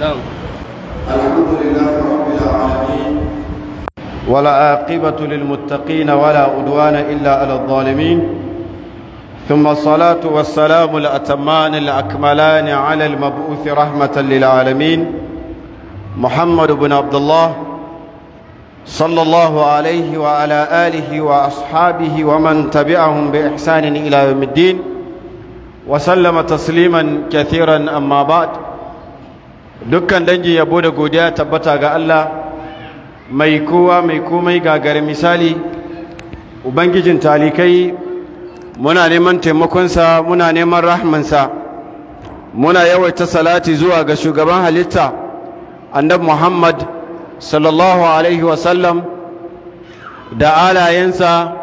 نعم الحمد لله رب العالمين ولا عاقبة للمتقين ولا عدوان إلا على الظالمين ثم الصلاة والسلام الأتمان الأكملان على المبعوث رحمة للعالمين محمد بن عبد الله صلى الله عليه وعلى آله وأصحابه ومن تبعهم بإحسان إلى يوم الدين وسلم تسليما كثيرا أما بعد dukkan dangin yabo da godiya tabbata ga Allah mai kowa mai komai gagare misali ubangijin talikai muna neman taimakonsa muna neman rahmansa muna yawaita salati zuwa ga shugaban halitta annabi muhammad sallallahu alaihi wasallam da alayensa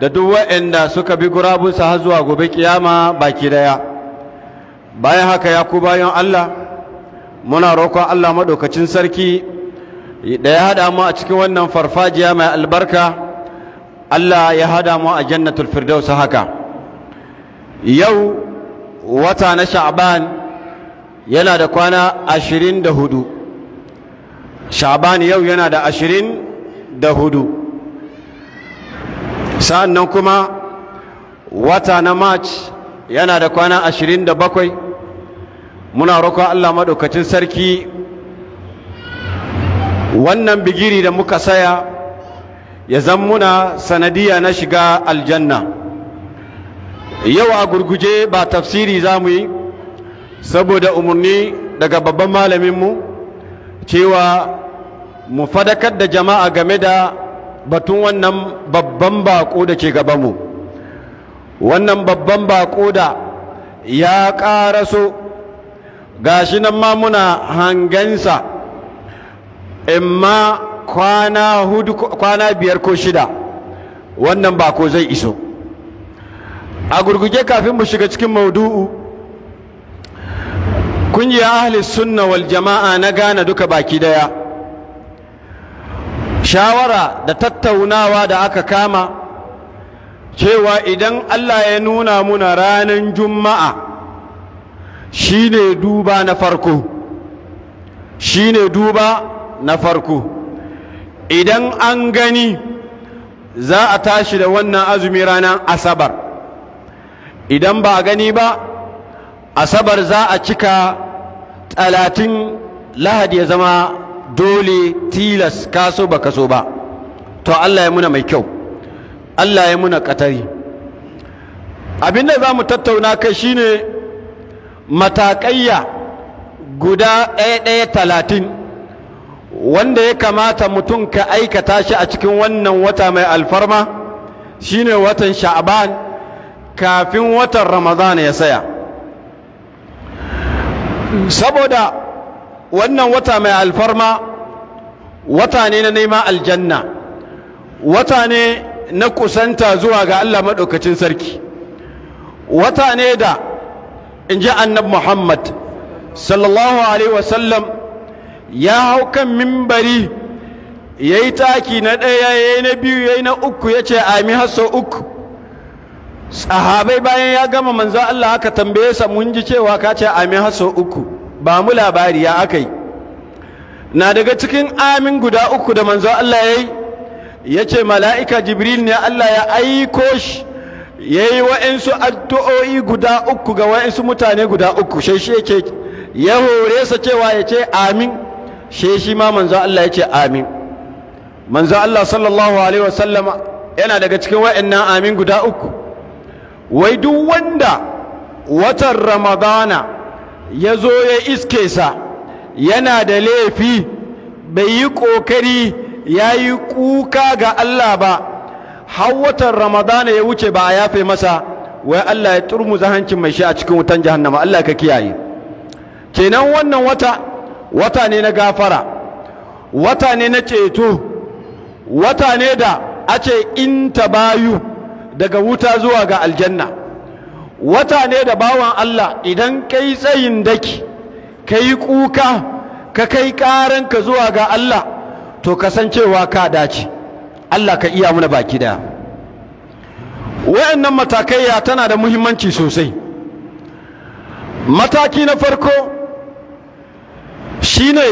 da duk waɗanda suka bi gurabunsa har zuwa gobe kiyama baki daya bayan haka ya ku bayan allah muna roƙon Allah maɗaukacin sarki da ya haɗa mu a cikin wannan farfajiya mai albarka Allah ya haɗa mu a jannatul firdaus haka yau wata na sha'ban yana da kwana ashirin da hudu sha'ban yau yana da ashirin da hudu sa'an nan kuma wata na march yana da kwana ashirin da bakwai muna roƙon Allah maɗaukacin sarki wannan bigiri da muka saya ya zammuna muna sanadiya na shiga aljanna yau a gurguje ba tafsiri za mu yi saboda umarni daga babban malaminmu cewa mu fadakar da jama'a game da batun wannan babban bako da ke gabanmu wannan babban bako da ya ƙaraso gashi nan ma muna hangansa amma kwana kwana biyar ko shida wannan ba ko zai iso a gurguje kafin mu shiga cikin maudu'u kungiya ahli sunna wal jama'a na gane duka baki daya shawara da tattaunawa da aka kama cewa idan Allah ya nuna muna ranar juma'a Shi ne duba na farko shi ne duba na farko idan an gani za a tashi da wannan azumi ranar asabar idan ba gani ba asabar za a cika talatin lahadi ya zama dole tilas kaso ba kaso ba to allah ya muna mai kyau allah ya muna katari abinda za mu tattauna kai shine matakayya guda ɗaya-ɗaya talatin wanda ya kamata mutum ka aikata shi a cikin wannan wata mai alfarma shine watan sha'ban kafin watan ramadan ya saya saboda wannan wata mai alfarma wata ne na neman aljanna wata ne na kusanta zuwa ga allah maɗaukacin sarki wata ne da in ji annab muhammad sallallahu alaihi wasallam ya hau kan mimbari ya yi taki na ɗaya ya yi na biyu ya yi na uku ya ce ami hasso uku sahabai bayan ya gama manzo Allah aka tambaye sa mun ji cewa ka ce amin haso uku ba mu labari ya aka yi na daga cikin amin guda uku da manzo Allah ya yi ya ce mala'ika jibril ne Allah ya aiko shi ya yi wa'insu addu'o'i guda uku ga wa'insu mutane guda uku shai shi yake ya hore sa cewa ya ce amin shai shi ma manzo Allah ya ce amin manzo Allah sallallahu alaihi wasallam yana daga cikin wa'annan amin guda uku wai duk wanda watan ramadana ya zo ya iske sa yana da laifi bai yi ƙoƙari ya yi kuka ga Allah ba har watan ramadana ya wuce ba a yafe masa wai Allah ya turmu hancin mai shi a cikin wutan jahannama Allah ka kiyaye kenan wannan wata wata ne na gafara wata ne na ceto wata ne da a ce in ta bayu daga wuta zuwa ga aljanna wata ne da bawan Allah idan kai tsayin daki kai kuka ka kai karanka zuwa ga Allah to kasancewa ka dace Allah ka iya muna baki daya wayannan matakaiya tana da muhimmanci sosai mataki na farko shine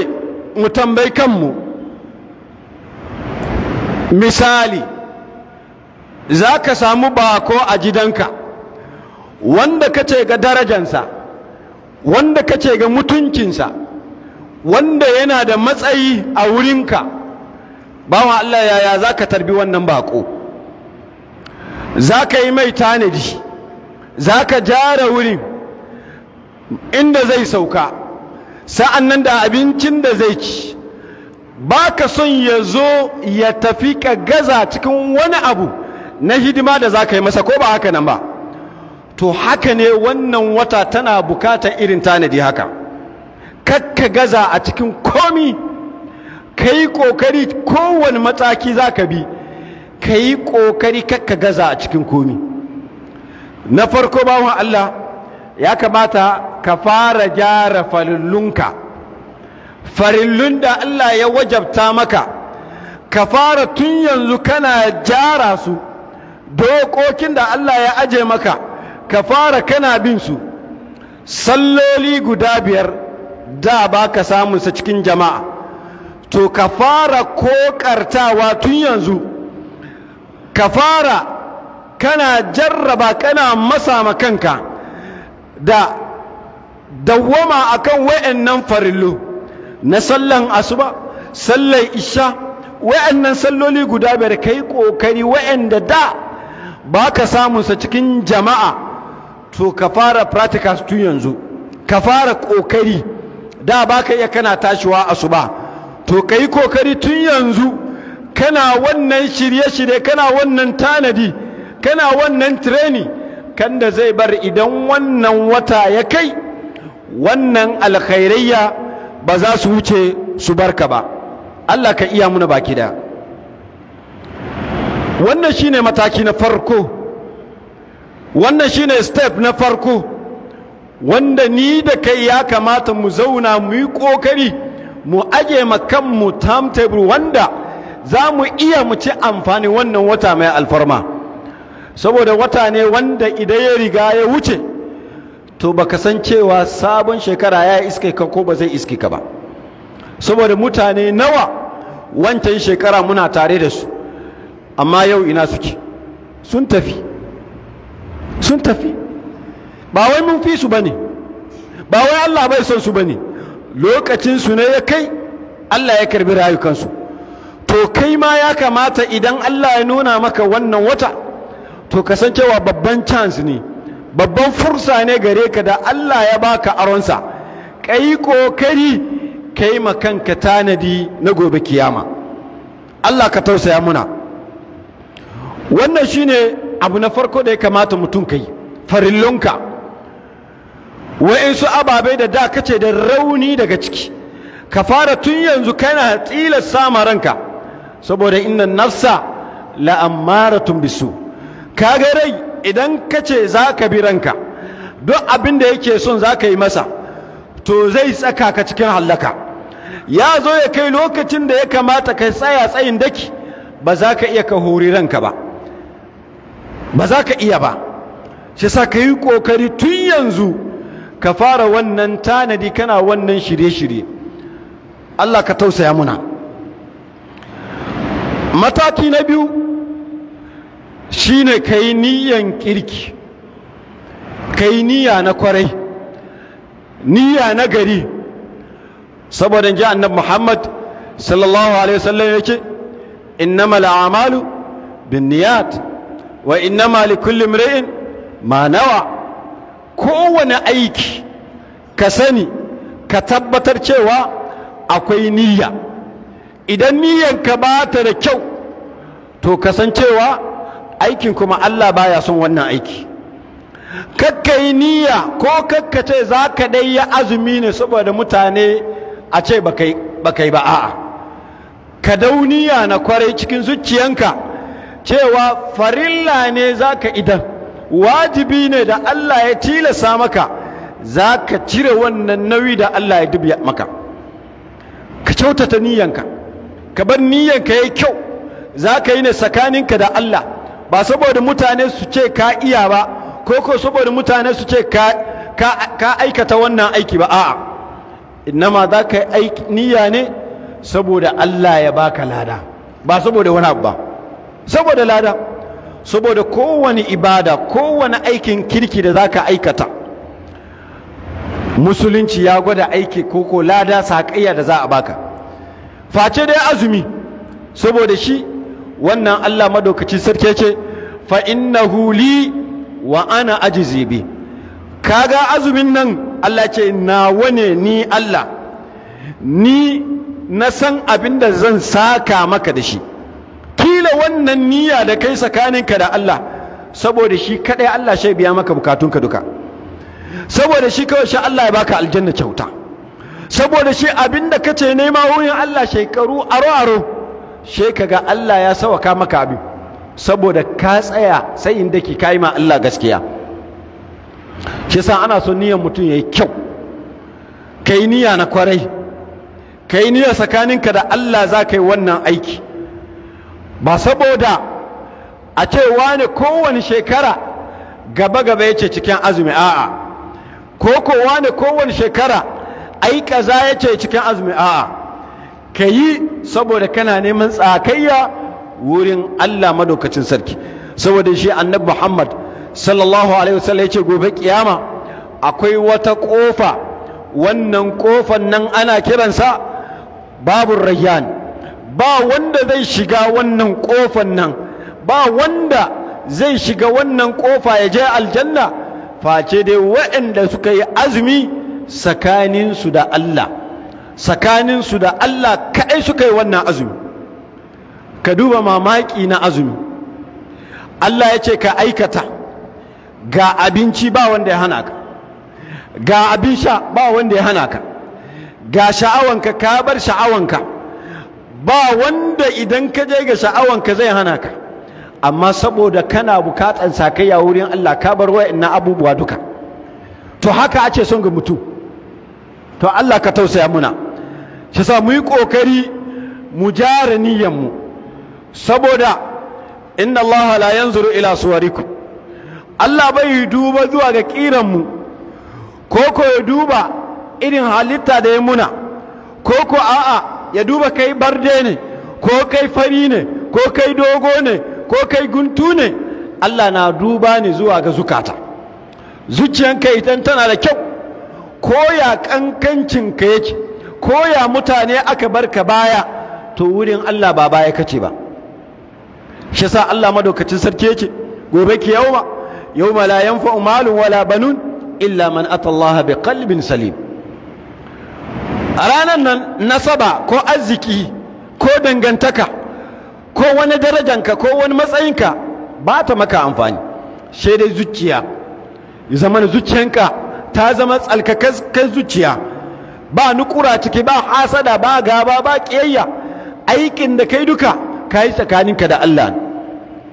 mu tambayi kanmu misali za ka samu bako a gidanka wanda ka ce ga darajansa wanda ka ce ga mutuncinsa wanda yana da matsayi a wurinka bawan Allah yaya za ka tarbi wannan baƙo? za ka yi mai tanadi za ka jara wurin inda zai sauka sa'an nan da abincin da zai ci ba ka son ya zo ya tafi ka gaza cikin wani abu na hidima da za ka yi masa ko ba haka nan ba to haka ne wannan wata tana bukatar irin tanadi haka kakka gaza a cikin komi ka yi ƙoƙari kowane mataki za ka bi ka yi ƙoƙari kakka gaza a cikin komi na farko bawan Allah ya kamata ka fara gyara farillunka farillun da Allah ya wajabta maka ka fara tun yanzu kana gyara su dokokin da Allah ya aje maka ka fara kana bin su salloli guda biyar da ba ka samunsa cikin jama'a to ka fara kokartawa tun yanzu ka fara kana jarraba kana masa makanka da dawwama akan wa'annan farillo na sallan asuba sallan isha wa'annan salloli guda biyar kai kokari wa'anda da ba ka samunsa cikin jama'a to ka fara practical tun yanzu ka fara kokari da ba ka iya kana tashiwa asuba to ka yi kokari tun yanzu kana wannan shirye-shirye kana wannan tanadi kana wannan tireni kan da zai bar idan wannan wata ya kai wannan alkhairayya ba za su wuce su barka ba Allah ka iya muna baki da wannan shine mataki na farko wannan shine step na farko wanda ni da kai ya kamata mu zauna mu yi ƙoƙari mu aje kanmu timetable wanda za mu iya mu ci amfani wannan wata mai alfarma saboda wata ne wanda idan ya riga ya wuce to baka san cewa sabon shekara ya iske ka ko ba zai iske ka ba saboda mutane nawa wancan shekara muna tare da su amma yau ina suke sun tafi sun tafi ba wai mun fi su ba ne? ba wai Allah bai son su ba ne? lokacinsu ne ya kai allah ya karbi rayukansu to kai ma ya kamata idan allah ya nuna maka wannan wata to kasancewa babban chance ne babban fursa ne gare ka da allah ya baka aronsa ka yi kokari ka yi makanka tanadi na gobe kiyama allah ka tausaya muna wannan shine abu na farko da ya kamata mutum ka yi farillonka wa'insu ababai da da kace da rauni daga ciki ka fara tun yanzu kana tilasta ma ranka saboda inna nafsa amaratun bisu kaga rai idan kace za ka bi ranka duk abin da yake son za ka yi masa to zai tsaka ka cikin hallaka ya zo ya kai lokacin da ya kamata ka tsaya tsayin daki ba za ka iya ka hori ranka ba ba za ka iya ba shi sa ka yi ƙoƙari tun yanzu ka fara wannan tanadi kana wannan shirye-shirye Allah ka tausaya muna mataki na biyu shine kai kai niyan kirki kai niyya na kwarai niyya na gari saboda ji annabi muhammad sallallahu alaihi wasallam ya ce innama al'amalu wa innama likulli imri'in ma nawa' kowane aiki ka sani ka tabbatar cewa akwai niyya idan niyyanka ba ta da kyau to kasancewa aikin kuma Allah baya son wannan aiki kakka yi niyya ko kakka ce za ka dai ya azumi ne saboda mutane a ce ba kai ba a'a ka dau na kwarai cikin zuciyanka cewa farilla ne za ka idan wajibi ne da Allah ya tilasa maka za ka cire wannan nauyi da Allah ya dubiya maka ka kyautata niyyanka ka bar niyyanka ya kyau za ka yi ne tsakaninka da Allah ba saboda mutane su ce ka iya ba ko ko saboda mutane su ce ka aikata wannan aiki ba a'a innama za ka yi niyya ne saboda Allah ya baka lada ba saboda wani abu ba saboda lada saboda kowane ibada kowane aikin kirki da zaka aikata musulunci ya gwada aiki koko lada saƙayya da za a baka face dai azumi saboda shi wannan Allah madaukaci sarki ce fa inna huli wa ana aji bi kaga azumin nan Allah ce nawa ne ni Allah ni na san abin da zan saka maka da shi da wannan niyya da kai tsakaninka da Allah saboda shi kadai Allah shi biya maka bukatunka duka saboda shi kawai shi Allah ya baka aljanna kyauta saboda shi abinda kace nema wurin Allah shekaru aro aro she kaga Allah ya sawaka maka abin saboda ka tsaya tsayin ki kai ma Allah gaskiya shi yasa ana son niyyar mutum yayi kyau kai niyya na kwarai kai niyya tsakaninka da Allah za ka yi wannan aiki ba saboda a ce wani kowane shekara gaba-gaba ya ce cikin azumi a'a ko ko wani kowane shekara ai kaza ya ce cikin azumi a'a ka yi saboda kana neman tsakayya wurin Allah madaukacin sarki saboda shi annabi Muhammad sallallahu alaihi wasallam yace gobe kiyama akwai wata kofa wannan kofan nan ana kiransa babu rayyan ba wanda zai shiga wannan kofan nan ba wanda zai shiga wannan kofa ya je aljanna face dai waɗanda suka yi azumi tsakaninsu da Allah tsakaninsu da Allah kaɗai suka yi wannan azumi ka duba mamaki na azumi Allah ya ce ka aikata ga abinci ba wanda ya hana ka ga abin sha ba wanda ya hana ka ga sha'awanka ka bar sha'awanka ba wanda idan ka je ga sha'awanka zai hana ka amma saboda kana bukatan sakayya wurin Allah ka bar wa'annan abubuwa duka to haka ake son ga mutum to Allah ka tausaya muna shi sa mu yi kokari mu jara niyyar mu saboda inna Allah la yanzuru ila suwarikum Allah bai duba zuwa ga kiran mu ko ko ya duba irin halitta da ya muna ko ko a'a ya duba kai barde ne ko kai fari ne ko kai dogo ne ko kai guntu ne Allah na duba ne zuwa ga zukata zuciyanka idan tana da kyau ko ya ka yake ko ya mutane aka bar ka baya to wurin Allah ba baya kace ba shi yasa Allah madaukacin sarki yake gobe ki Yauma yauma la yanfa'u malun wala banun illa man atallaha biqalbin salim a ranar nan nasaba ko arziki ko dangantaka ko wani darajanka ko wani matsayinka ba ta maka amfani sai dai zuciya zaman zuciyanka ta zama tsalkakaskar zuciya ba nukura ciki ba hasada ba gaba ba kiyayya aikin da kai duka ka yi tsakaninka da Allah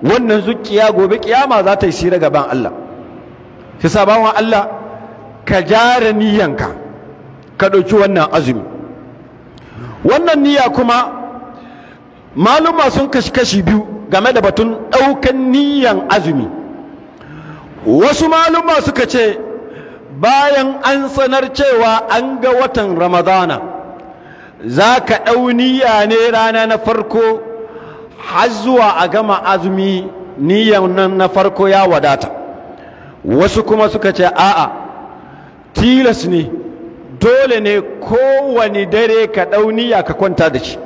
wannan zuciya gobe kiyama za ta yi sira gaban Allah shi sabawa Allah ka jara niyanka ka ɗauki wannan azumi wannan niyya kuma maluma sun kashi kashi biyu game da batun ɗaukan niyyan azumi wasu maluma suka ce bayan an sanar cewa an ga watan ramadana za ka ɗau niyya ne rana na farko har zuwa a gama azumi niyyan nan na farko ya wadata wasu kuma suka ce a'a tilas ne dole ne kowane dare ka ɗauniya ka kwanta da shi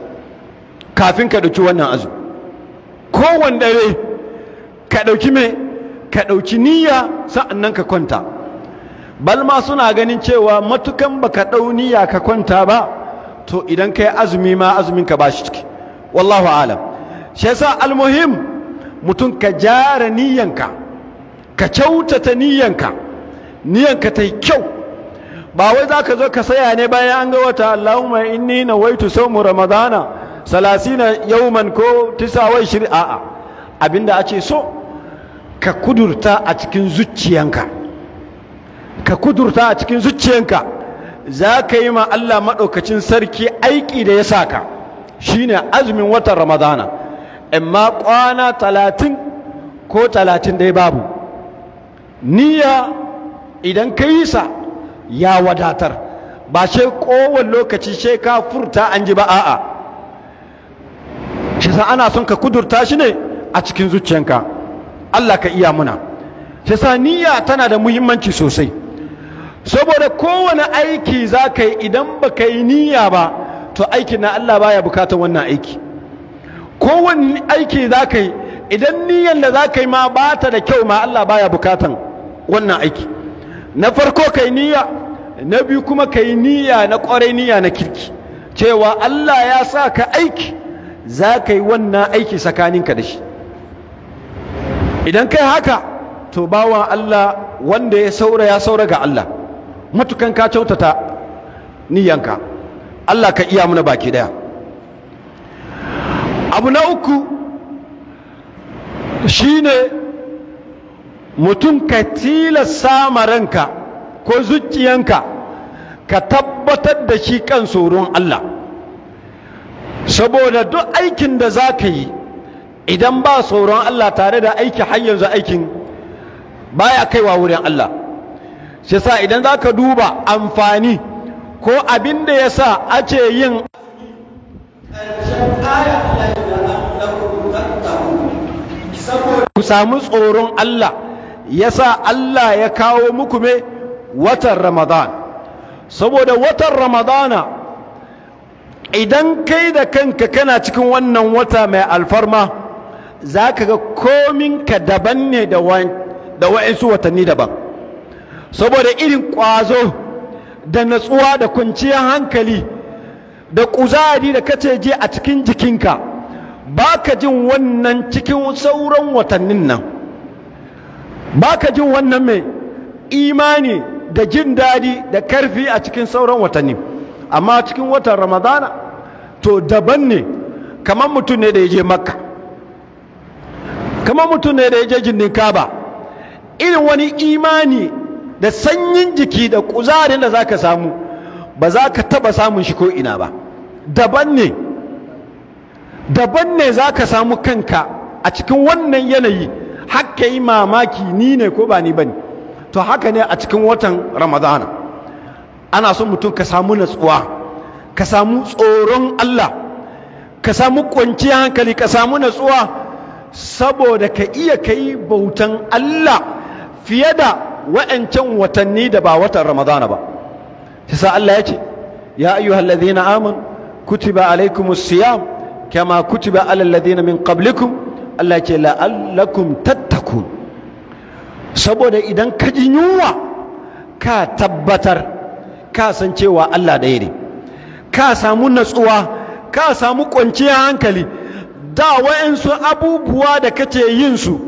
kafin ka ɗauki wannan azumi kowane dare ka ɗauki mai ka ɗauki niyya sa'annan ka kwanta balma suna ganin cewa matukan baka ɗau niyya ka kwanta ba to idan ka azumi ma azumin ka bashi ciki wallahu alam shi yasa almuhim mutum ka jara niyyanka ka kyautata niyyanka niyyanka ta kyau ba wai za ka zo ka saya ne bayan an ga wata Allahumma inni sau mu ramadana salasina yauman ko tisa wai shiri a'a abinda a ce so ka kudurta a cikin zuciyanka ka kudurta a cikin zuciyanka za ka yi ma Allah maɗaukacin sarki aiki da ya saka shine azumin watan ramadana amma kwana talatin ko talatin dai babu niyya idan ka yi sa ya wadatar ba shi kowane lokaci shi ka furta an ji ba a'a shi sa ana son ka kudurta shi ne a cikin zuciyanka Allah ka iya muna shi sa niyya tana da muhimmanci sosai saboda kowane aiki za ka yi idan ba ka yi niyya ba to aiki na Allah baya bukatar wannan aiki kowane aiki za ka yi idan niyyar da za ka yi ma ba ta da kyau ma Allah baya bukatan wannan aiki na farko kai niyya na biyu kuma ka yi niyya na ƙwarai niyya na kirki cewa Allah ya sa ka aiki za ka yi wannan aiki tsakaninka da shi idan kai haka to bawa Allah wanda ya saura ya saura ga Allah matukan ka kyautata niyyanka Allah ka iya muna baki daya abu na uku shine mutum ka tilasta ma ko zuciyanka ka tabbatar da shi kan tsoron Allah saboda duk aikin da za ka yi idan ba tsoron Allah tare da aiki har yanzu aikin baya kaiwa wurin Allah shi sa idan za ka duba amfani ko abin da ya sa ake yin ku samu tsoron Allah ya sa Allah ya kawo muku me watan Ramadan saboda watan ramadana idan kai da kanka kana cikin wannan wata mai alfarma za ka ga kominka daban ne da wa'insu watanni daban saboda irin ƙwazo da natsuwa da kwanciyar hankali da kuzari da kace je a cikin jikinka ba ka jin wannan cikin sauran watannin nan ba ka jin wannan mai imani da jin daɗi da karfi a cikin sauran watanni amma cikin watan ramadana to daban ne kamar mutum ne da ya je makka kamar mutum ne da ya je jindin kaba irin wani imani da sanyin jiki da kuzarin da za ka samu ba za ka taba samun shi ko ina ba daban ne daban ne za ka samu kanka a cikin wannan yanayi hakka yi mamaki ni ne ko ba ni ba ne to haka ne a cikin watan ramadana ana son mutum ka samu natsuwa ka samu tsoron allah ka samu kwanciyar hankali ka samu natsuwa saboda ka iya kai bautan allah fiye da wa'ancan watanni da ba watan ramadana ba sa allah ya ce ya ayyuhal ladhina amanu kutiba alaikum siyam kama kutiba alal min qablikum allah ya ce la'allakum tattaqun saboda idan ka ji yunwa ka tabbatar ka san cewa Allah ɗaya ne ka samu natsuwa ka samu kwanciyar hankali da wa'insu abubuwa da kace yin su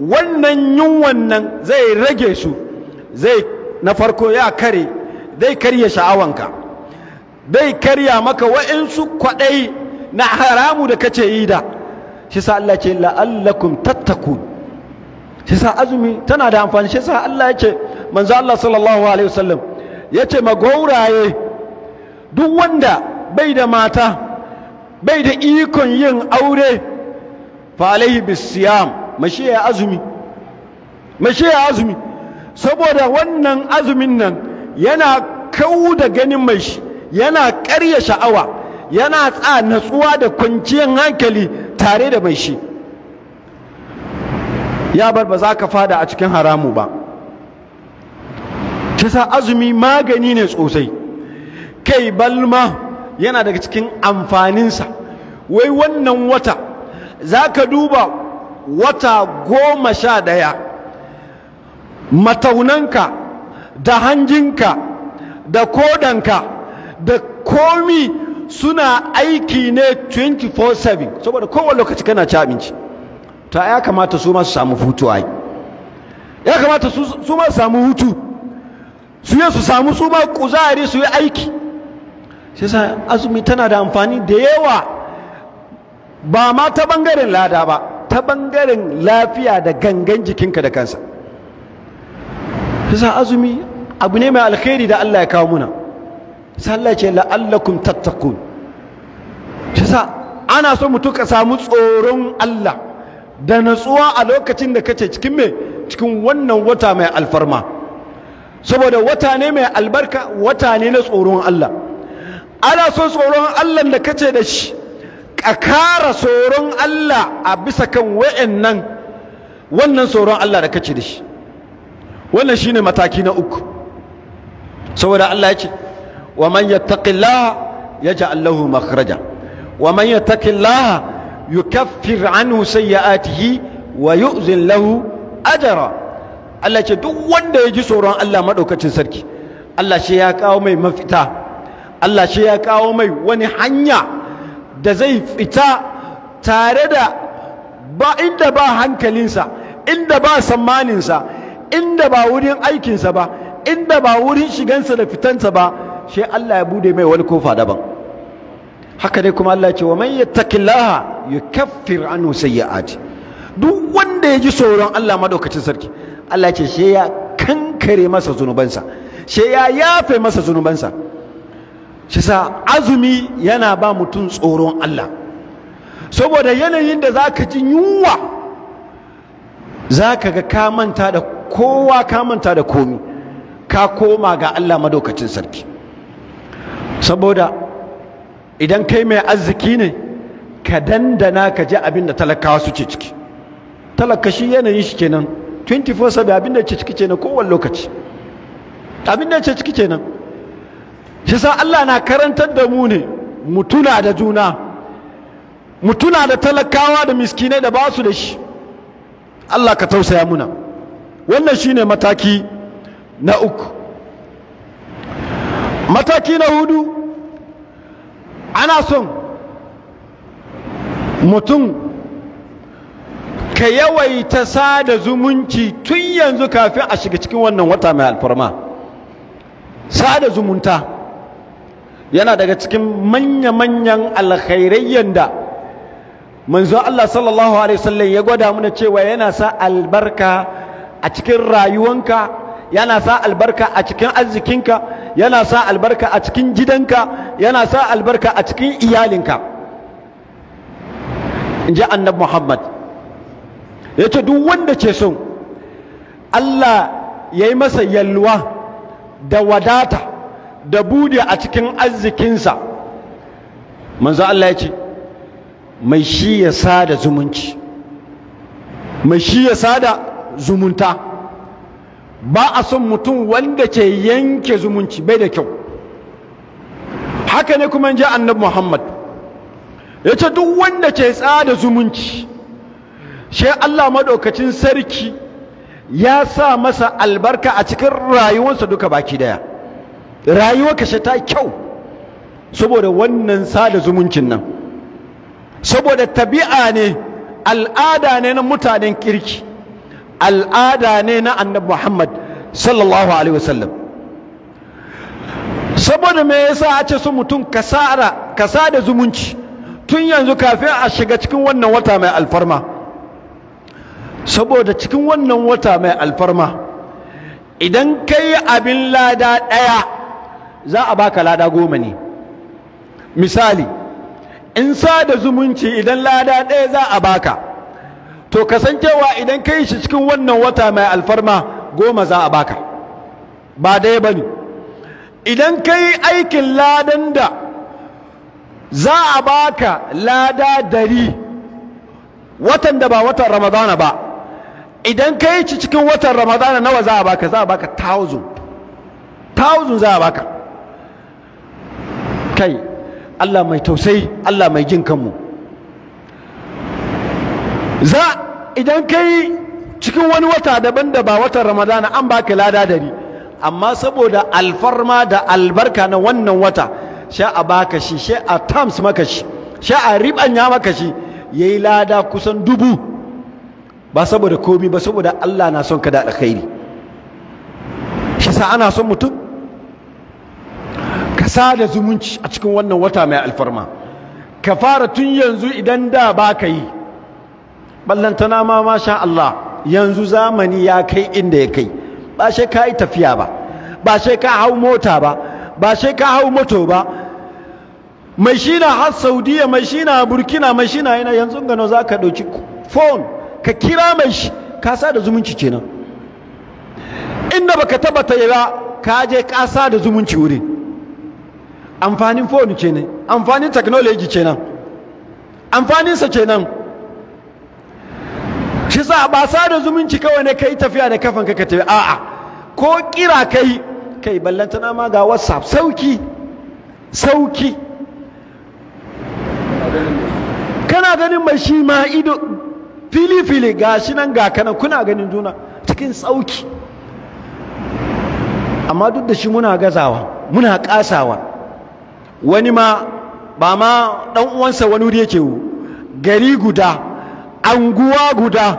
wannan yunwan nan zai rage su zai na farko ya kare zai karya sha'awanka zai karya maka wa'insu kwaɗai na haramu da kace yi da shi sa Allah ce la'allakum tattakun shi sa azumi tana da amfani shi sa Allah ya ce manzo Allah sallallahu alaihi wasallam ya ce duk wanda bai da mata bai da ikon yin aure fa alaihi bisiyam mashi ya azumi mashi ya azumi saboda wannan azumin nan yana kau da ganin mai shi yana karya sha'awa yana tsa natsuwa da kwanciyar hankali tare da mai shi ya bar ba za ka fada a cikin haramu ba ta sa azumi magani ne sosai kai balma yana daga cikin amfaninsa wai wannan wata za ka duba wata goma sha ɗaya mataunanka da hanjinka da kodanka da komi suna aiki ne 24/7 saboda kowane lokaci kana ci abinci ta ya kamata su ma samu hutu ai ya kamata su ma samu hutu su yi su samu su ma kuzari su yi aiki sai sa azumi tana da amfani da yawa ba ma ta bangaren lada ba ta bangaren lafiya da gangan jikinka da kansa sai sa azumi abu ne mai alkhairi da Allah ya kawo muna sallah ce la'allakum tattakun, sai sa ana so mutuka ka samu tsoron Allah da natsuwa a lokacin da kace cikin me cikin wannan wata mai alfarma saboda wata ne mai albarka wata ne na tsoron Allah ana so tsoron Allah da kace da shi a kara tsoron Allah a bisa kan wa'annan wannan tsoron Allah da kace da shi wannan shine mataki na uku saboda Allah ya ce wa man yattaqillaha yaj'al lahu makhraja wa man yattaqillaha yukaffir anhu sayyi'atihi wa yu'zin lahu ajra Allah ce duk wanda ya ji tsoron Allah madaukakin sarki Allah shi ya kawo mai mafita Allah shi ya kawo mai wani hanya da zai fita tare da ba inda ba hankalinsa inda ba sammaninsa inda ba wurin aikinsa ba inda ba wurin shigansa da fitansa ba shi Allah ya bude mai wani kofa daban haka ne kuma Allah ya ce wa man yattaqillaha yukaffir anhu sayyi'ati duk wanda ya ji tsoron Allah madaukacin sarki Allah ce she ya kankare masa zunubansa she ya yafe masa zunubansa shi sa azumi yana ba mutum tsoron Allah saboda yanayin da zaka ji yunwa zaka ga ka manta da kowa ka manta da komi ka koma ga Allah madaukacin sarki saboda idan kai mai arziki ne ka dandana ka ji abin da talakawa su ce ciki talaka shi yanayin shi kenan 24/7 abin da ce ciki ce na kowane lokaci abin da ce ciki ce nan. shi sa Allah na karantar da mu ne mutuna da juna mutuna da talakawa da miskinai da ba su da shi Allah ka tausaya muna wannan shi ne mataki na uku mataki na hudu ana son mutum ka yawaita sada zumunci tun yanzu kafin a shiga cikin wannan wata mai alfarma sada zumunta yana daga cikin manya-manyan alkhairayyan da manzo Allah sallallahu alaihi wasallam ya gwada mana cewa yana sa albarka a cikin rayuwanka yana sa albarka a cikin arzikinka yana sa albarka a cikin gidanka yana sa albarka a cikin iyalinka in ji annabi muhammad ya ce duk wanda ce son allah ya yi masa yalwa da wadata da bude a cikin arzikinsa manzo allah ya ce mai shi ya da zumunci mai shi ya da zumunta ba a son mutum wanda ke yanke zumunci bai da kyau haka ne kuma ji annabi Muhammad ce duk wanda ke tsada zumunci shi Allah maɗaukacin sarki ya sa masa albarka a cikin rayuwarsa duka baki daya rayuwarka shi ta kyau saboda wannan sada zumuncin nan saboda tabi'a ne al'ada ne na mutanen kirki al'ada ne na annabi Muhammad sallallahu alaihi wasallam saboda me yasa a ce su mutum kasara kasa da zumunci tun yanzu kafin a shiga cikin wannan wata mai alfarma saboda cikin wannan wata mai alfarma idan ka yi abin lada ɗaya za a baka lada goma ne misali in sa da zumunci idan lada ɗaya za a baka to kasancewa idan ka yi shi cikin wannan wata mai alfarma goma za a baka ba ɗaya ba ne idan ka yi aikin ladan da za a baka lada dari watan da ba watan ramadana ba idan ka yi ci cikin watan ramadana nawa za a baka za a baka tawuzun tawuzun za a baka kai allah mai tausayi allah mai jin kanmu za idan ka yi cikin wani wata daban da ba watan ramadana an baka lada dari amma saboda alfarma da albarka na wannan wata sha a baka shi sha a tams maka shi sha a ribanya maka shi ya yi lada kusan dubu ba saboda komi ba saboda Allah na son ka da alkhairi shi sa ana son mutum ka sada zumunci a cikin wannan wata mai alfarma ka fara tun yanzu idan da ba ka yi ballantana ma masha Allah yanzu zamani ya kai inda ya kai ba sai ka yi tafiya ba ba sai ka hau mota ba ba sai ka hau moto ba mai shi na har saudiya mai shi na burkina mai shi na yana yanzu gano za ka ɗauki Fon ka kira mai shi ka sa da zumunci kenan inda ka tabbata ya ba ka je ka sa da zumunci wurin amfanin ce ne amfanin technology nan, amfaninsa ce nan. shi sa ba sada zumunci kawai ne kai tafiya da kafan ka ka tafi a'a ko kira kai kai ballantana ma ga whatsapp sauki sauki kana ganin mai shi ma ido fili-fili ga shi nan ga kana kuna ganin juna cikin sauki amma duk da shi muna gazawa muna kasawa wani ma ba ma dan uwansa wani wuri yake gari guda anguwa guda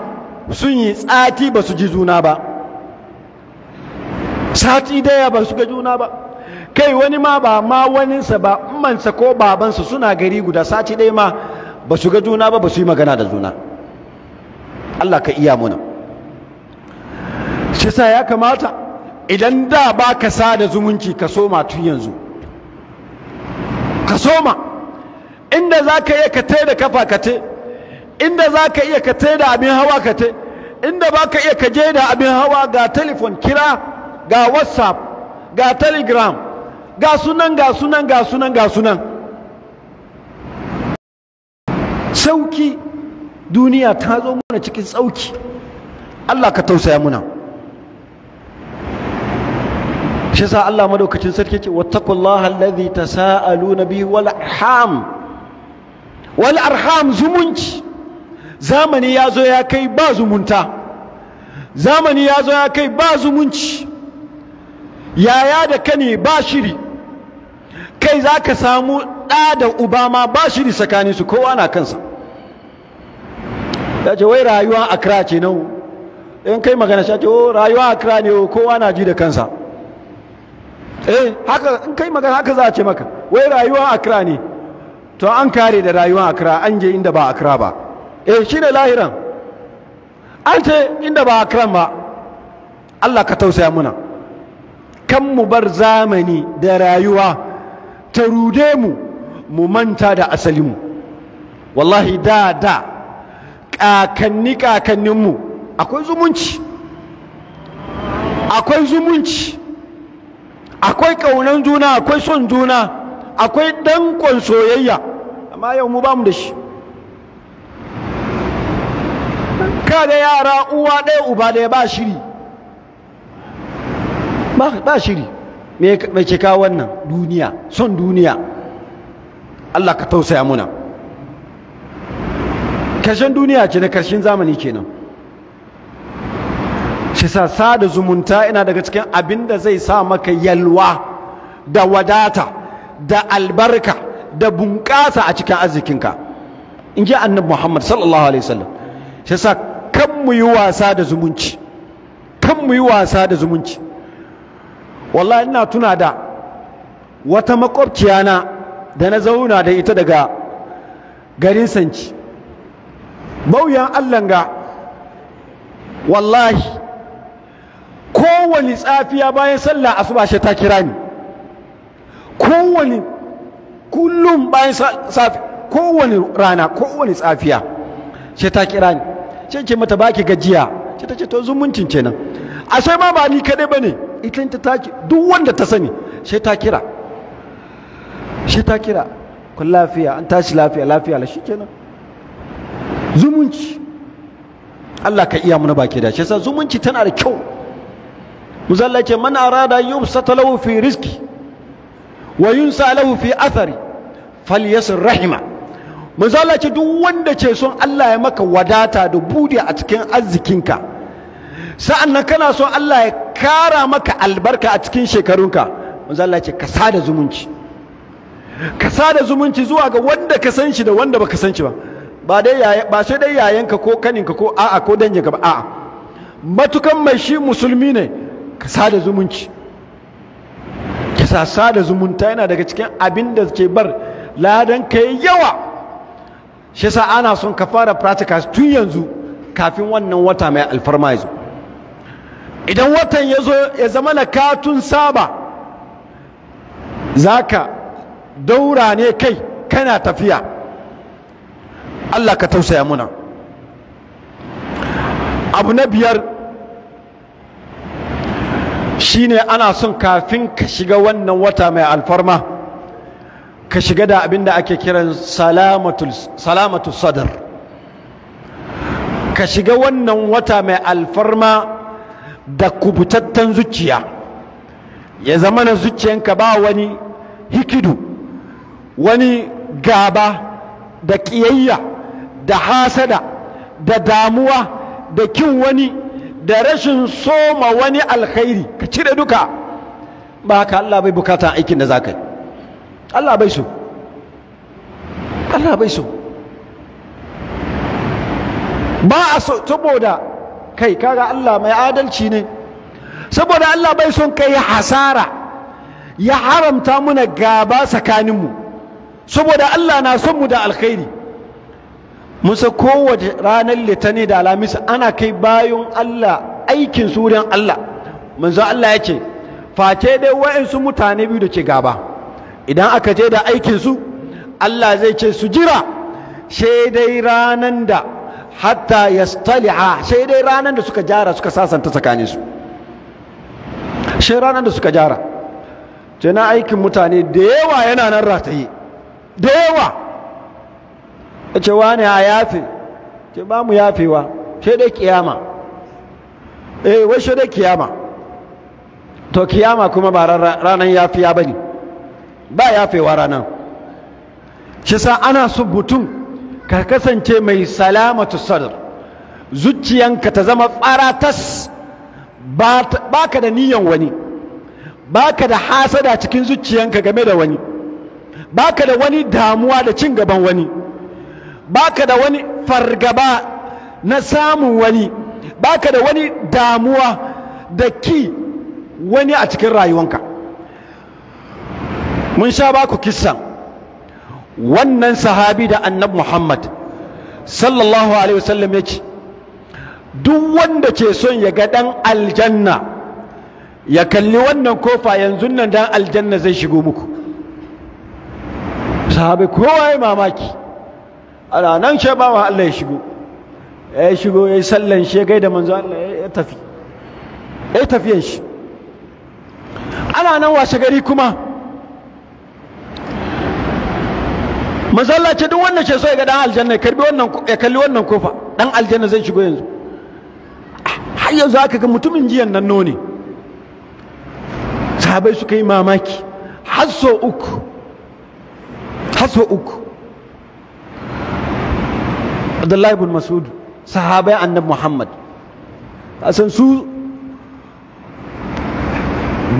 sun yi tsati ba su ji juna ba sati daya ba su ga juna ba kai wani ma ba ma waninsa ba mansa ko babansa suna gari guda sati daya ma ba su ga juna ba ba su yi magana da juna Allah ka iya muna shi sa ya kamata idan da ba ka da zumunci ka soma tun yanzu ka soma inda za ka yi ka tai da kafa ka tai inda za ka iya ka da abin hawa ka te inda ba ka iya ka je da abin hawa ga telefon kira ga whatsapp ga telegram ga sunan ga sunan ga sunan ga sunan sauki duniya ta zo muna cikin sauki Allah ka tausaya muna shi sa Allah madaukacin sarki ce wattaqullaha allazi tasaaluna bihi wal arham wal arham zumunci zamani ya zo ya kai ba zumunta zamani ya zo ya kai ba zumunci yaya da kane ba shiri kai za ka samu ɗa da uba ma ba shiri tsakaninsu kowa na kansa ya ce wai rayuwa akra ce nan in kai magana shi ce oh, rayuwa akra ne oh, kowa na ji da kansa eh haka in kai magana haka za a ce maka wai rayuwa akra ne to an kare da rayuwa akra an je inda ba akra ba eh ne lahiran an ce inda ba a akram ba Allah ka tausaya muna kan mu bar zamani da rayuwa ta rude mu mu manta da asalinmu wallahi da da kakanni kakanninmu akwai zumunci akwai zumunci akwai ƙaunan juna akwai son juna akwai dankon soyayya amma yau mu ba mu da shi ka da yara uwa ɗaya uba ɗaya ba shiri ba shiri mai ke kawo wannan duniya son duniya Allah ka tausaya muna karshen duniya ce na karshen zamani kenan shi sa sada zumunta ina daga cikin abin da zai sa maka yalwa da wadata da albarka da bunƙasa a cikin arzikinka in ji annabi muhammad sallallahu alaihi wasallam shi sa kan mu yi wasa da zumunci kan mu yi wasa da zumunci wallahi ina tuna da wata makwabciya na da na zauna da ita daga garin sanci bauyan allan ga wallahi kowane tsafiya bayan sallah asuba shi ta kira ni kowane kullum bayan kowane rana kowane tsafiya shi ta kira ni sai ce mata baki gajiya ce ta ce to zumuncin nan ashe ma ba ni kadai bane ita ta taki duk wanda ta sani sai ta kira sai ta kira kun lafiya an tashi lafiya lafiya la shikenan zumunci Allah ka iya muna baki da shi yasa zumunci tana da kyau muzalla ce man arada yubsata lahu fi rizqi wa yunsa lahu fi athari falyasir rahima manzo ce duk wanda ce son Allah ya maka wadata da bude a cikin arzikinka sa'an nan kana son Allah ya kara maka albarka a cikin shekarunka manzo ce ka sada zumunci ka sada zumunci zuwa ga wanda ka san shi da wanda baka san shi ba ba ba sai dai yayanka ko kaninka ko a'a ko danjinka ba a'a matukan mai shi musulmi ne ka sada zumunci ka sada zumunta yana daga cikin abin da ke bar ladan ka yawa shi sa ana son ka fara practical tun yanzu kafin wannan wata mai alfarma ya zo idan watan ya zo ya zama na katun saba za ka daura ne kai kana tafiya allah ka tausaya muna abu na biyar shi ne ana son kafin ka shiga wannan wata mai alfarma ka shiga da abin da ake kiran salamatu sadar ka shiga wannan wata mai alfarma da kubutattan zuciya ya zama na zuciyanka ba wani hikidu wani gaba da ƙiyayya da hasada da damuwa da kin wani da rashin soma wani alkhairi ka cire duka ba ka Allah bai bukatan aikin da za ka yi Allah bai so Allah bai so ba a so saboda kai kaga Allah mai adalci ne saboda Allah bai son kai ya hasara ya haramta muna gaba tsakaninmu saboda Allah na son mu da alkhairi musa kowace ranar litani da alamis ana kai bayan Allah aikin surin Allah manzo Allah ya ce face dai wa'insu mutane biyu da ke gaba idan aka je da aikinsu Allah zai ce su jira sai dai ranan da hatta yastali'a sai dai ranan da suka jara suka sasanta tsakaninsu sai ranan da suka jara ce na aikin mutane da yawa yana nan rataye da yawa ya ce wane a yafe ce ba mu yafewa sai dai kiyama eh wai sai dai kiyama to kiyama kuma ba ranar yafiya ba ne ba yafewa rana shi sa ana su mutum ka kasance mai salamatu sadar zuciyanka ta zama tsaratas ba ka da niyan wani ba ka da hasada cikin zuciyanka game da wani ba ka da wani damuwa da cin gaban wani ba ka da wani fargaba na samun wani ba ka da wani damuwa da ki wani a cikin rayuwanka mun sha ba ku kissan wannan sahabi da annab Muhammad sallallahu alaihi wasallam ya ce duk wanda ke son ya ga dan aljanna ya kalli wannan kofa yanzu nan dan aljanna zai shigo muku sahabi kowa ya mamaki ana nan shi ba Allah ya shigo ya shigo ya yi sallan shi ya gaida manzo Allah ya tafi ya tafiyan shi ana nan washe gari kuma mazalla ce duk wanda ce so ya ga dan aljanna ya karbi wannan ya kalli wannan kofa dan aljanna zai shigo yanzu har yanzu aka ga mutumin jiyan nan none sahabai suka yi mamaki har so uku har so uku abdullahi ibn masud sahabai annabi muhammad asan su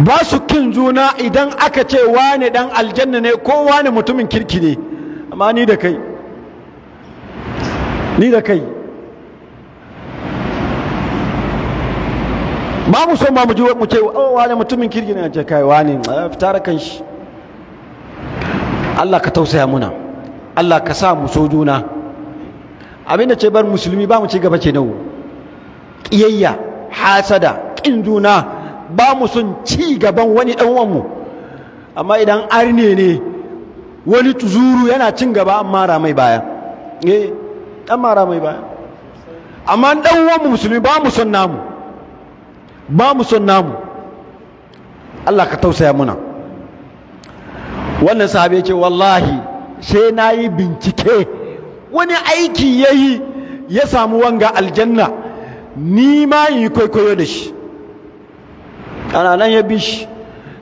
ba su kin juna idan aka ce wane dan aljanna ne ko wane mutumin kirki ne amma ni da kai ni da kai ba mu son ma mu ji mu ce oh wane mutumin kirki ne a ce kai wane fitara kan shi Allah ka tausaya muna Allah ka sa mu so juna abinda ce bar musulmi ba mu ci gaba ce nawo kiyayya hasada kin juna ba mu son ci gaban wani dan uwan mu amma idan arne ne wani tuzuru yana cin gaba an mara mai baya eh an mara mai baya amma dan uwan musulmi ba mu son namu ba mu son namu Allah ka tausaya muna wannan sahabi ce wallahi sai na yi bincike wani aiki ya yi ya samu wanga aljanna ni ma yi kwaikwayo da shi ana nan ya bi shi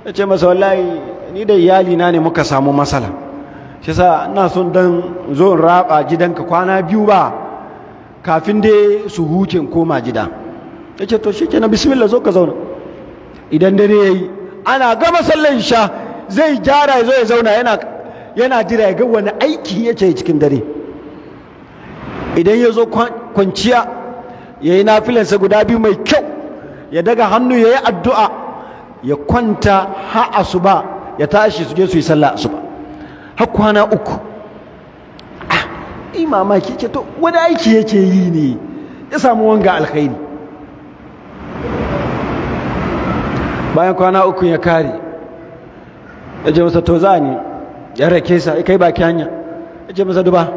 ya ce masa wallahi ni da iyalina ne muka samu matsala shi sa ina son dan zo in raba gidanka kwana biyu ba kafin dai su huce koma gida ce to shi na bismillah zo ka zauna idan dare yi, ana gama sallan sha zai gyara zo ya zauna yana yana jira ya ga wani aiki ya ce cikin dare idan ya zo kwanciya ya yi nafilansa guda biyu mai kyau ya daga hannu ya yi addu'a ya kwanta ha asuba ya tashi su je su yi sallah asuba har kwana uku ah imama mamaki ke to wani aiki yake yi ne ya samu wanga alkhairi bayan kwana uku ya kare ya je masa to za ni ya rake sa kai baki hanya ya je masa duba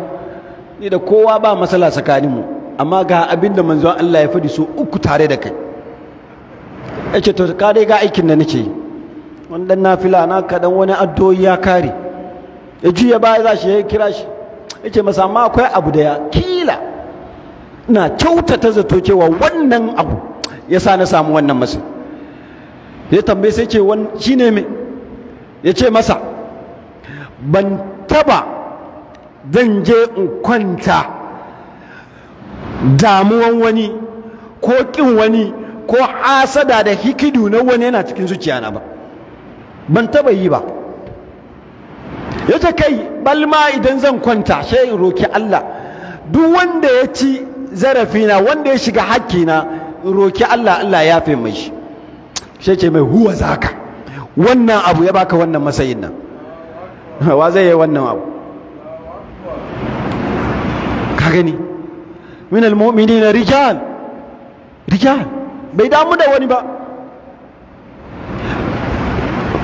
ni da kowa ba matsala tsakaninmu amma ga abin da manzon Allah ya faɗi so uku tare da kai ya ce to ka dai ga aikin da nake wani dan nafila na kaɗan wani addu'o'i ya kare ya juya baya za shi ya kira shi ya ce masa amma akwai abu da ya kila na kyautata zato cewa wannan abu ya sa na samu wannan masu ya tambaye sai ce shi ne me ya ce masa ban taba zan je in kwanta damuwan wani ko ƙin wani ko asada da hikidu na wani yana cikin zuciya na ba ban taba yi ba ya ce kai balma idan zan kwanta sai in roki Allah duk wanda ya ci zarafina wanda ya shiga hakkina in roki Allah Allah ya fi mai shi sai ce mai huwa zaka wannan abu ya baka wannan matsayin nan wa zai yi wannan abu ka gani min almu'mini na rijal rijal bai damu da wani ba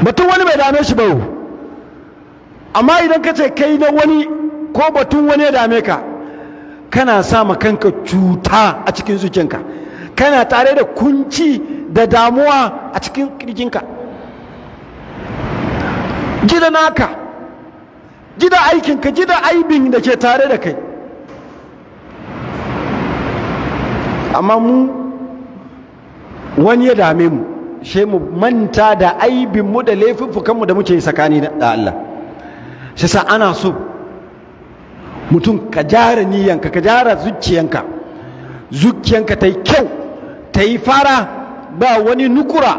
batun wani bai dame shi ba amma idan ka ce kai na wani ko batun wani ya dame ka kana sa ma kanka cuta a cikin zuciyanka kana tare da kunci da damuwa a cikin kirjinka gida naka gida aikinka gida aibin da ke tare da kai amma mu wani ya dame mu shi mu manta da aibinmu da fukanmu da muke yi tsakani da Allah shi sa ana so mutum ka jara niyanka ka jara zuciyanka zuciyanka ta yi kyau ta yi fara ba wani nukura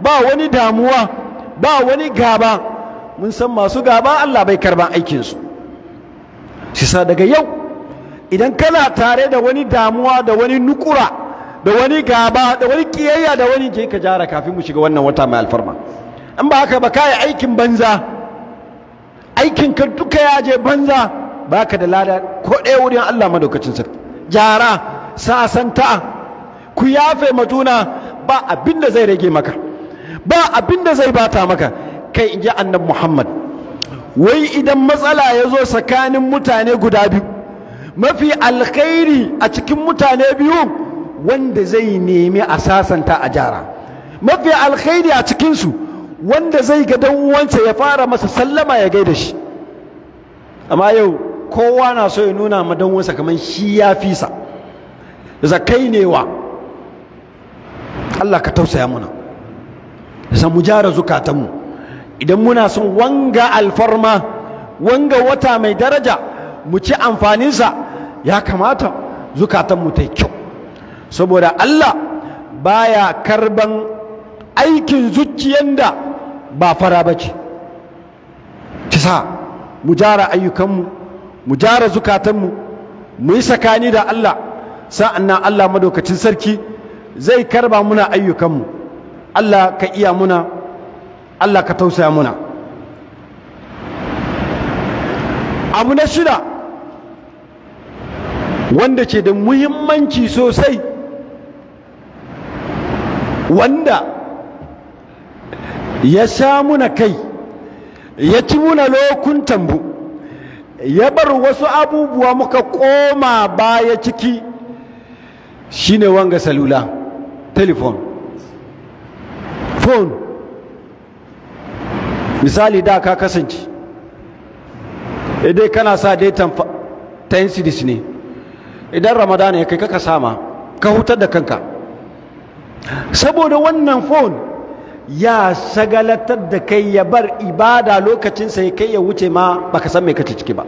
ba wani damuwa ba wani gaba mun san masu gaba allah bai karban aikinsu shi sa daga yau idan kana tare da wani damuwa da wani nukura da wani gaba da wani kiyayya da wani je ka jara kafin mu shiga wannan wata mai alfarma in ba haka ba kayi aikin banza aikin ka duka ya je banza baka da lada ko ɗaya wurin Allah madaukacin sarki jara sasanta ku yafe matuna ba abin da zai rage maka ba abin da zai bata maka kai in ji annab Muhammad wai idan matsala ya zo tsakanin mutane guda biyu mafi alkhairi a cikin mutane biyu wanda zai nemi a sasanta a jara mafi alkhairi a cikinsu wanda zai ga dan uwansa ya fara masa sallama ya gaida shi amma yau kowa na so ya nuna ma dan uwansa kamar shi ya fi sa zakai ne wa Allah ka tausaya muna san mu jara zukatanmu idan muna son wanga alfarma wanga wata mai daraja mu ci amfaninsa ya kamata zukatanmu ta yi kyau saboda Allah baya karban aikin zuciyar da ba fara ba ce ta sa mu jara ayyukanmu mu jara zukatanmu mu yi sakani da Allah sa'annan Allah madaukacin sarki zai karba muna ayyukanmu Allah ka iya muna Allah ka tausaya muna abu na shida wanda ke da muhimmanci sosai wanda ya sha muna kai ya ci muna lokun tambu ya bar wasu abubuwa muka koma baya ciki shine wanga salula telefon phone misali da ka kasance idai eh kana sa datan 10 ne idan ramadana ya kai kaka sama ka hutar da kanka saboda wannan phone ya sagalatar da kai ya bar ibada lokacinsa ya kai ya wuce ma baka san mai kace ciki ba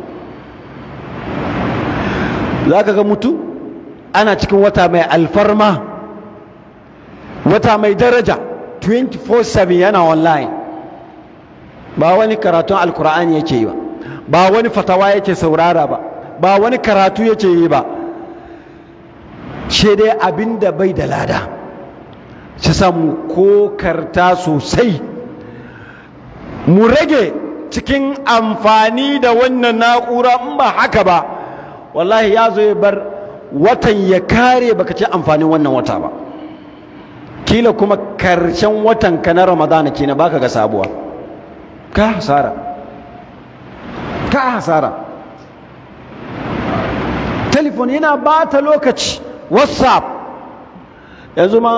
za ka ga mutu ana cikin wata mai alfarma wata mai daraja 24/7 yana online ba wani karatun alkur'ani yake yi ba ba wani fatawa yake saurara ba ba wani karatu yake yi ba shi dai abin da bai da lada shi samu kokarta sosai mu rage cikin amfani da wannan na'ura in ba haka ba wallahi ya zo ya bar watan ya kare baka ci amfanin wannan wata ba kila kuma karshen watan ka na ramadana kina baka ga sabuwa ka hasara ka hasara telefon yana bata lokaci whatsapp yanzu ma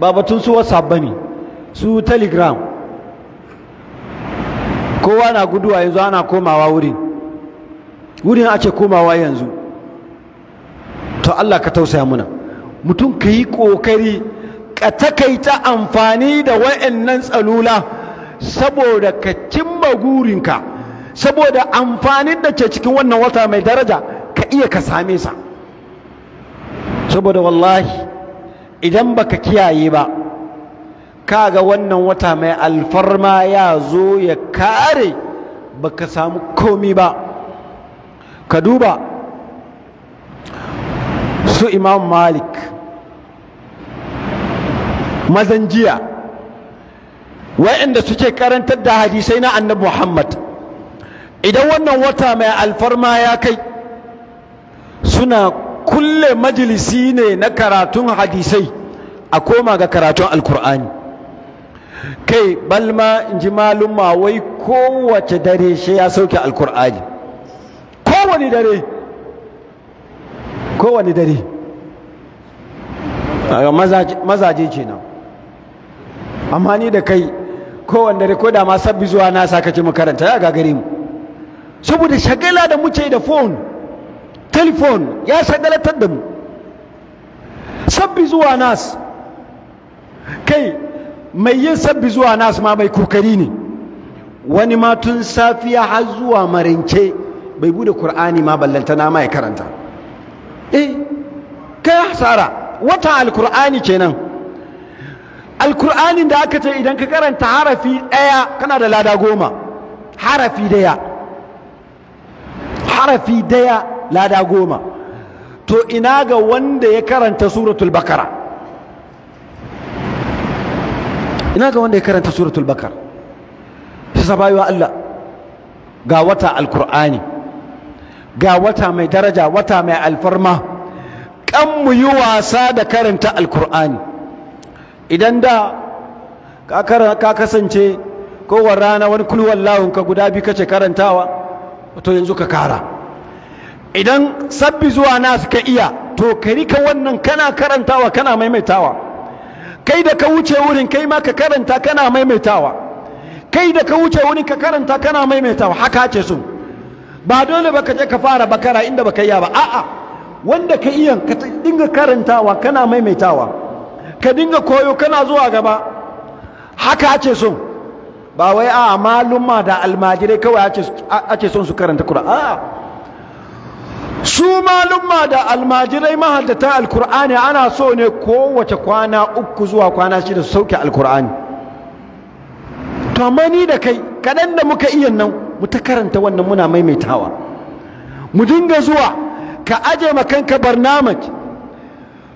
ba batun su whatsapp ba ne su telegram kowa na guduwa yanzu ana komawa wurin wurin ake komawa yanzu to Allah ka tausaya muna mutum ka yi ƙoƙari ka takaita amfani da wa'annan tsalula saboda ka cimma gurinka saboda amfanin da ke cikin wannan wata mai daraja ka iya ka same sa saboda wallahi idan baka kiyaye ba kaga wannan wata mai alfarma ya zo ya kare baka samu komi ba ka duba su imam malik mazan wa'inda suke karantar da hadisai na annabi muhammad idan wannan wata mai alfarma ya kai suna kulle majalisi ne na karatun hadisai a koma ga karatun alkur'ani kai balma in ji maluma wai kowace dare shi ya sauke alkur'ani kowane dare kowane dare mazaje ce nan amma ni da kai kowane dare ko da ma sabbi zuwa na sa kace makaranta ya gagare mu saboda shagala da muke da phone telephone ya shagalatar da mu sabbi zuwa nasu. kai mai yin sabbi zuwa nasu ma mai kokari ne wani ma tun safiya har zuwa marince bai bude Kur'ani ma ballantana ma ya karanta eh kai hasara wata alkur'ani kenan alkur'anin da aka ce idan ka karanta harafi ɗaya kana da lada goma harafi daya harafi daya lada goma to ina ga wanda ya karanta suratul bakara ina ga wanda ya karanta suratul bakar shi sabayiwa Allah ga wata alkur'ani ga wata mai daraja wata mai alfarma kan mu yi wasa da karanta alkur'ani idan da ka kasance kowar rana wani kulwar lahun ka guda biyu kace karantawa to yanzu ka kara idan sabbi zuwa na suka iya to ka rika wannan kana karantawa kana maimaitawa kai da ka wuce wurin kai ma ka karanta kana maimaitawa kai da ka wuce wurin ka karanta kana maimaitawa haka ce su ba dole ba ka je ka fara bakara inda baka iya ba a'a wanda ka iya ka dinga karantawa kana maimaitawa ka dinga koyo kana zuwa gaba haka ce su ba wai a'a maluma da almajirai kawai ake son su karanta kura a'a su malumma da almajirai mahaddata alkur'ani ana so ne kowace kwana uku zuwa kwana shida su sauke alkur'ani to amma ni da kai kaɗan da muka iya nan mu ta karanta wannan muna maimaitawa mu dinga zuwa ka aje makanka barnamaj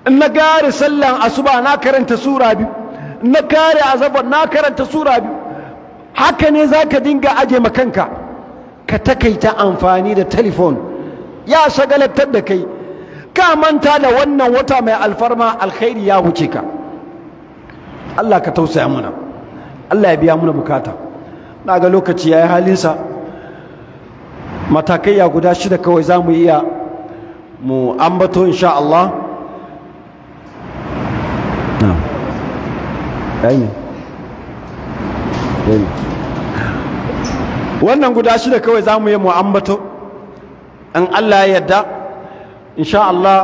in na gare sallan asuba na karanta sura biyu in na kare azabar na karanta sura biyu haka ne za ka dinga aje makanka ka takaita amfani da telefon ya shagalatar da kai ka manta da wannan wata mai alfarma alkhairi ya wuce ka Allah ka tausaya muna Allah ya biya muna bukata na ga lokaci ya yi halinsa matakai ya guda shida kawai za mu iya mu ambato insha Allah wannan guda shida kawai za mu yi mu ambato in Allah ya yarda insha Allah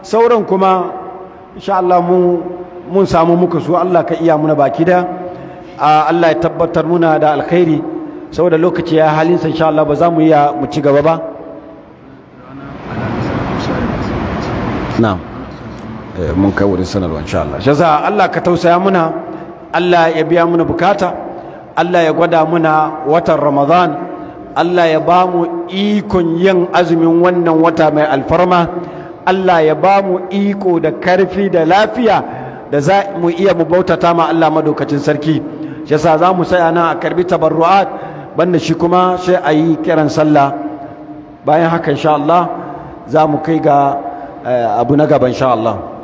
sauran kuma insha Allah mu mun samu muka su Allah ka iya muna baki da Allah ya tabbatar muna da alkhairi saboda lokaci ya halinsa insha Allah ba za mu iya mu ci gaba ba na'am eh, mun kai wurin sanarwa insha Allah jaza Allah ka tausaya muna Allah ya biya muna bukata Allah ya gwada muna watan Ramadan Allah ya ba mu ikon yin azumin wannan wata mai alfarma Allah ya ba mu iko da karfi da lafiya da za mu iya mu bautata ma Allah madaukacin sarki yasa za mu saya na a karbi tabarru'at banda shi kuma sai a yi kiran sallah bayan haka insha Allah za mu kai ga eh, abu na gaba insha Allah